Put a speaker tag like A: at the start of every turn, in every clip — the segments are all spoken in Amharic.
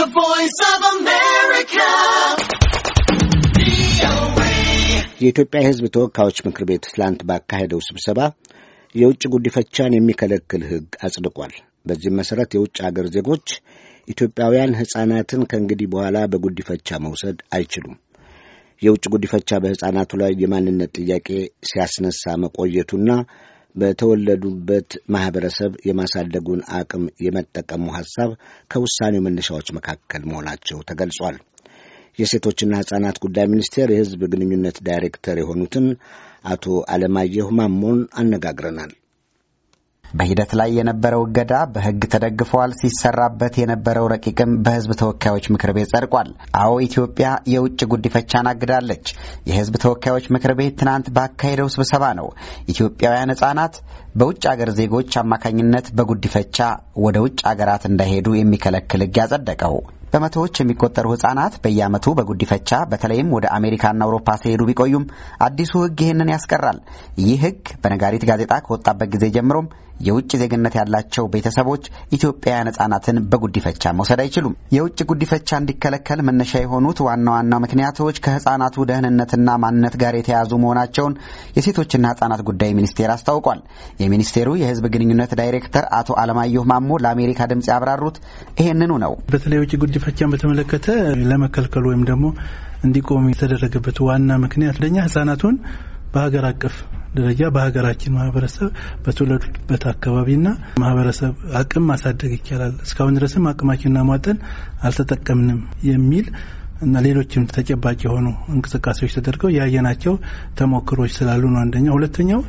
A: The Voice of America. የኢትዮጵያ ሕዝብ ተወካዮች ምክር ቤት ትላንት ባካሄደው ስብሰባ የውጭ ጉዲፈቻን የሚከለክል ሕግ አጽድቋል። በዚህም መሠረት የውጭ አገር ዜጎች ኢትዮጵያውያን ሕፃናትን ከእንግዲህ በኋላ በጉዲፈቻ መውሰድ አይችሉም። የውጭ ጉዲፈቻ በሕፃናቱ ላይ የማንነት ጥያቄ ሲያስነሳ መቆየቱና በተወለዱበት ማህበረሰብ የማሳደጉን አቅም የመጠቀሙ ሐሳብ ከውሳኔው መነሻዎች መካከል መሆናቸው ተገልጿል። የሴቶችና ሕፃናት ጉዳይ ሚኒስቴር የሕዝብ ግንኙነት ዳይሬክተር የሆኑትን አቶ አለማየሁ ማሞን አነጋግረናል። በሂደት ላይ የነበረው እገዳ በሕግ ተደግፏል። ሲሰራበት የነበረው ረቂቅም በሕዝብ ተወካዮች ምክር ቤት ጸድቋል። አዎ ኢትዮጵያ የውጭ ጉዲፈቻን አግዳለች። የሕዝብ ተወካዮች ምክር ቤት ትናንት ባካሄደው ስብሰባ ነው ኢትዮጵያውያን ሕጻናት በውጭ አገር ዜጎች አማካኝነት በጉዲፈቻ ወደ ውጭ አገራት እንዳይሄዱ የሚከለክል ሕግ ያጸደቀው። በመቶዎች የሚቆጠሩ ህጻናት በየዓመቱ በጉዲፈቻ በተለይም ወደ አሜሪካና አውሮፓ ሲሄዱ ቢቆዩም አዲሱ ህግ ይህንን ያስቀራል። ይህ ህግ በነጋሪት ጋዜጣ ከወጣበት ጊዜ ጀምሮም የውጭ ዜግነት ያላቸው ቤተሰቦች ኢትዮጵያውያን ህጻናትን በጉዲፈቻ መውሰድ አይችሉም። የውጭ ጉዲፈቻ እንዲከለከል መነሻ የሆኑት ዋና ዋና ምክንያቶች ከህጻናቱ ደህንነትና ማንነት ጋር የተያዙ መሆናቸውን የሴቶችና ህጻናት ጉዳይ ሚኒስቴር አስታውቋል። የሚኒስቴሩ የህዝብ ግንኙነት ዳይሬክተር አቶ አለማየሁ ማሞ ለአሜሪካ ድምፅ ያብራሩት ይህንኑ ነው።
B: በተለይ የውጭ ፈንጂን በተመለከተ ለመከልከል ወይም ደግሞ እንዲቆም የተደረገበት ዋና ምክንያት አንደኛ ህጻናቱን በሀገር አቀፍ ደረጃ በሀገራችን ማህበረሰብ በተወለዱበት አካባቢና ማህበረሰብ አቅም ማሳደግ ይቻላል፣ እስካሁን ድረስም አቅማችንና ሟጠን አልተጠቀምንም የሚል እና ሌሎችም ተጨባጭ የሆኑ እንቅስቃሴዎች ተደርገው ያየናቸው ተሞክሮች ስላሉ ነው። አንደኛው። ሁለተኛው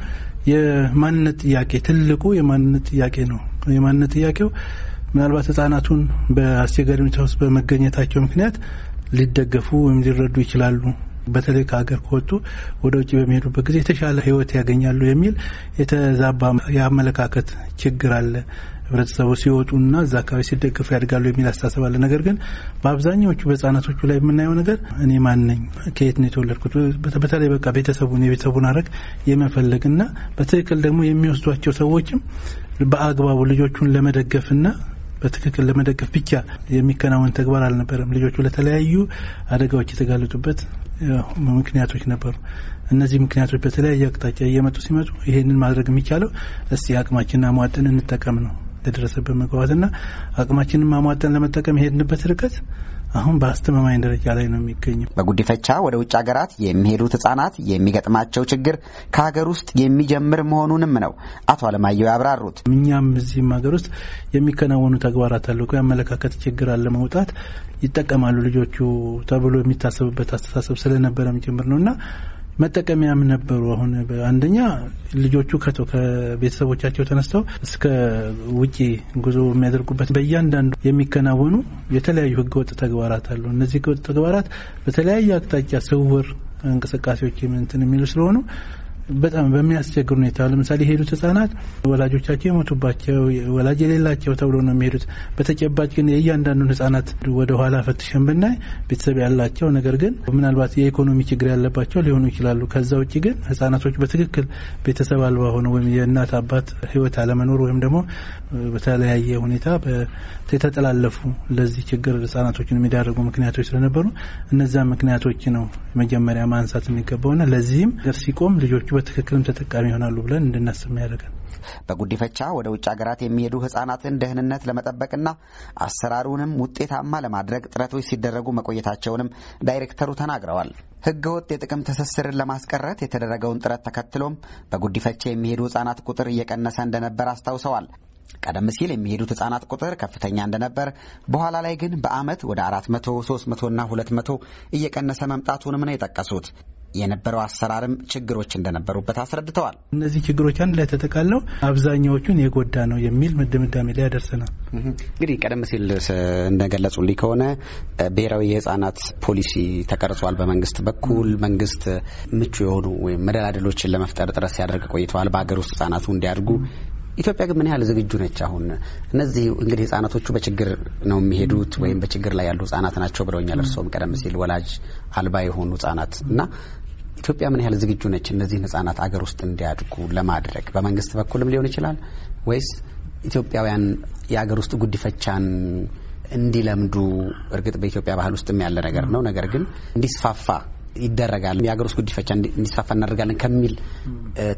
B: የማንነት ጥያቄ ትልቁ የማንነት ጥያቄ ነው። የማንነት ጥያቄው ምናልባት ህጻናቱን በአስቸጋሪ ሁኔታ ውስጥ በመገኘታቸው ምክንያት ሊደገፉ ወይም ሊረዱ ይችላሉ። በተለይ ከሀገር ከወጡ ወደ ውጭ በሚሄዱበት ጊዜ የተሻለ ህይወት ያገኛሉ የሚል የተዛባ የአመለካከት ችግር አለ። ህብረተሰቡ ሲወጡና እዛ አካባቢ ሲደገፉ ያድጋሉ የሚል አስተሳሰብ አለ። ነገር ግን በአብዛኛዎቹ በህጻናቶቹ ላይ የምናየው ነገር እኔ ማን ነኝ፣ ከየት ነው የተወለድኩት፣ በተለይ በቃ ቤተሰቡን የቤተሰቡን አረግ የመፈለግና በትክክል ደግሞ የሚወስዷቸው ሰዎችም በአግባቡ ልጆቹን ለመደገፍና በትክክል ለመደገፍ ብቻ የሚከናወን ተግባር አልነበረም። ልጆቹ ለተለያዩ አደጋዎች የተጋለጡበት ምክንያቶች ነበሩ። እነዚህ ምክንያቶች በተለያየ አቅጣጫ እየመጡ ሲመጡ ይሄንን ማድረግ የሚቻለው እስቲ አቅማችንን አሟጠን እንጠቀም ነው። ለደረሰበት መግባባትና አቅማችንን አሟጠን ለመጠቀም የሄድንበት ርቀት አሁን በአስተማማኝ ደረጃ ላይ ነው የሚገኘው።
A: በጉዲፈቻ ወደ ውጭ ሀገራት የሚሄዱት ህጻናት የሚገጥማቸው ችግር ከሀገር ውስጥ የሚጀምር መሆኑንም ነው አቶ አለማየሁ
B: ያብራሩት። እኛም እዚህም ሀገር ውስጥ የሚከናወኑ ተግባራት አሉ። የአመለካከት ችግር አለ መውጣት ይጠቀማሉ ልጆቹ ተብሎ የሚታሰብበት አስተሳሰብ ስለነበረም ጭምር ነው እና መጠቀሚያም ነበሩ። አሁን አንደኛ ልጆቹ ከቶ ከቤተሰቦቻቸው ተነስተው እስከ ውጪ ጉዞ የሚያደርጉበት በእያንዳንዱ የሚከናወኑ የተለያዩ ህገወጥ ተግባራት አሉ። እነዚህ ህገወጥ ተግባራት በተለያየ አቅጣጫ ስውር እንቅስቃሴዎች ምንትን የሚሉ ስለሆኑ በጣም በሚያስቸግር ሁኔታ ለምሳሌ የሄዱት ህጻናት ወላጆቻቸው የሞቱባቸው ወላጅ የሌላቸው ተብሎ ነው የሚሄዱት። በተጨባጭ ግን የእያንዳንዱን ህጻናት ወደ ኋላ ፈትሸን ብናይ ቤተሰብ ያላቸው ነገር ግን ምናልባት የኢኮኖሚ ችግር ያለባቸው ሊሆኑ ይችላሉ። ከዛ ውጭ ግን ህጻናቶች በትክክል ቤተሰብ አልባ ሆነው ወይም የእናት አባት ህይወት አለመኖር ወይም ደግሞ በተለያየ ሁኔታ የተጠላለፉ ለዚህ ችግር ህጻናቶችን የሚዳረጉ ምክንያቶች ስለነበሩ እነዛ ምክንያቶች ነው መጀመሪያ ማንሳት የሚገባውና ለዚህም ሲቆም ልጆቹ በትክክልም ተጠቃሚ ይሆናሉ ብለን እንድናስብ ያደርገን።
A: በጉዲፈቻ ወደ ውጭ ሀገራት የሚሄዱ ህጻናትን ደህንነት ለመጠበቅና አሰራሩንም ውጤታማ ለማድረግ ጥረቶች ሲደረጉ መቆየታቸውንም ዳይሬክተሩ ተናግረዋል። ህገወጥ የጥቅም ትስስርን ለማስቀረት የተደረገውን ጥረት ተከትሎም በጉዲፈቻ የሚሄዱ ህጻናት ቁጥር እየቀነሰ እንደነበር አስታውሰዋል። ቀደም ሲል የሚሄዱት ህጻናት ቁጥር ከፍተኛ እንደነበር በኋላ ላይ ግን በአመት ወደ አራት መቶ ሶስት መቶና ሁለት መቶ እየቀነሰ መምጣቱንም ነው የጠቀሱት። የነበረው አሰራርም ችግሮች እንደነበሩበት አስረድተዋል።
B: እነዚህ ችግሮች አንድ ላይ ተጠቃለው አብዛኛዎቹን የጎዳ ነው የሚል ድምዳሜ ላይ ያደርሰናል።
A: እንግዲህ ቀደም ሲል እንደገለጹልኝ ከሆነ ብሔራዊ የህጻናት ፖሊሲ ተቀርጿል በመንግስት በኩል መንግስት ምቹ የሆኑ ወይም መደላደሎችን ለመፍጠር ጥረት ሲያደርግ ቆይተዋል። በሀገር ውስጥ ህጻናቱ እንዲያድጉ ኢትዮጵያ ግን ምን ያህል ዝግጁ ነች? አሁን እነዚህ እንግዲህ ህጻናቶቹ በችግር ነው የሚሄዱት ወይም በችግር ላይ ያሉ ህጻናት ናቸው ብለውኛል። እርስዎም ቀደም ሲል ወላጅ አልባ የሆኑ ህጻናት እና ኢትዮጵያ ምን ያህል ዝግጁ ነች እነዚህን ህጻናት አገር ውስጥ እንዲያድጉ ለማድረግ በመንግስት በኩልም ሊሆን ይችላል ወይስ ኢትዮጵያውያን የአገር ውስጥ ጉዲፈቻን እንዲለምዱ እርግጥ በኢትዮጵያ ባህል ውስጥም ያለ ነገር ነው ነገር ግን እንዲስፋፋ ይደረጋል፣ የሀገር ውስጥ ጉዲፈቻ እንዲስፋፋ እናደርጋለን ከሚል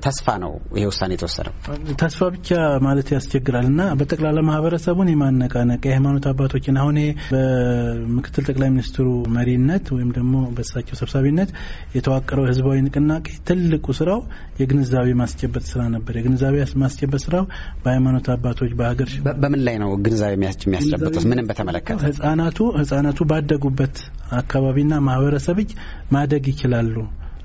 A: ተስፋ ነው ይሄ ውሳኔ የተወሰደው።
B: ተስፋ ብቻ ማለት ያስቸግራል እና በጠቅላላ ማህበረሰቡን የማነቃነቅ የሃይማኖት አባቶችን አሁን በምክትል ጠቅላይ ሚኒስትሩ መሪነት ወይም ደግሞ በእሳቸው ሰብሳቢነት የተዋቀረው ህዝባዊ ንቅናቄ ትልቁ ስራው የግንዛቤ ማስጨበጥ ስራ ነበር። የግንዛቤ ማስጨበጥ ስራው በሃይማኖት አባቶች በሀገር
A: በምን ላይ ነው ግንዛቤ የሚያስጨበጡት? ምንም በተመለከተ
B: ህጻናቱ ህጻናቱ ባደጉበት አካባቢና ማህበረሰብ እጅ ማደግ ይችላሉ።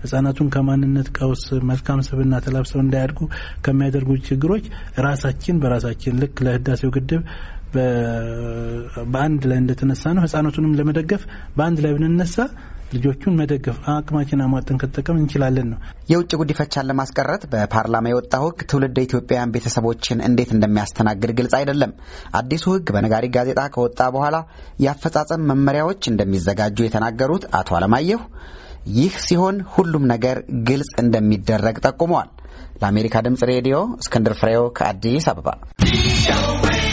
B: ህጻናቱን ከማንነት ቀውስ መልካም ስብና ተላብሰው እንዳያድጉ ከሚያደርጉ ችግሮች ራሳችን በራሳችን ልክ ለህዳሴው ግድብ በአንድ ላይ እንደተነሳ ነው ህጻናቱንም ለመደገፍ በአንድ ላይ ብንነሳ ልጆቹን መደገፍ አቅማችን አሟጥን ከተጠቀም እንችላለን ነው። የውጭ ጉዲፈቻን ለማስቀረት በፓርላማ የወጣው ህግ ትውልደ ኢትዮጵያውያን ቤተሰቦችን
A: እንዴት እንደሚያስተናግድ ግልጽ አይደለም። አዲሱ ህግ በነጋሪ ጋዜጣ ከወጣ በኋላ የአፈጻጸም መመሪያዎች እንደሚዘጋጁ የተናገሩት አቶ አለማየሁ ይህ ሲሆን ሁሉም ነገር ግልጽ እንደሚደረግ ጠቁመዋል። ለአሜሪካ ድምፅ ሬዲዮ እስክንድር ፍሬው ከአዲስ አበባ